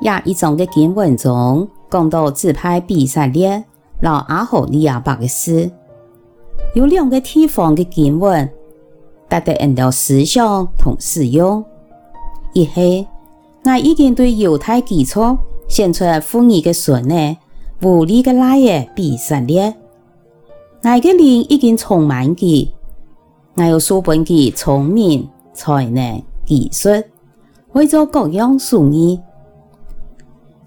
也一章嘅經文中講到自拍比什列，老阿霍利亞伯嘅事。有兩個地方的經文，達到用到思想同使用。一係，我已經對猶太基礎現出豐裕的神呢，無理嘅來耶比什列。我嘅臉已經充滿佢，我有蘇本的聰明、才能、技術，會做各樣事呢。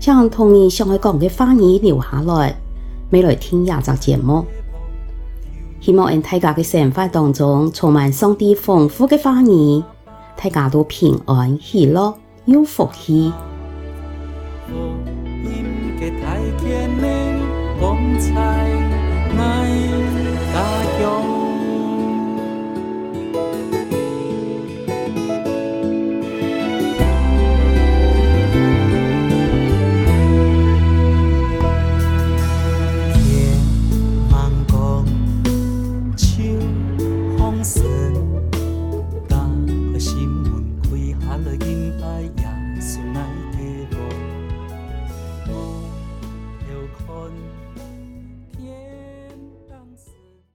請同你想愛講個話語留下來，乜來訂這隻節目。希望喺大家嘅生活當中充滿上帝豐富嘅話語，大家都平安、喜樂、有福氣。嗯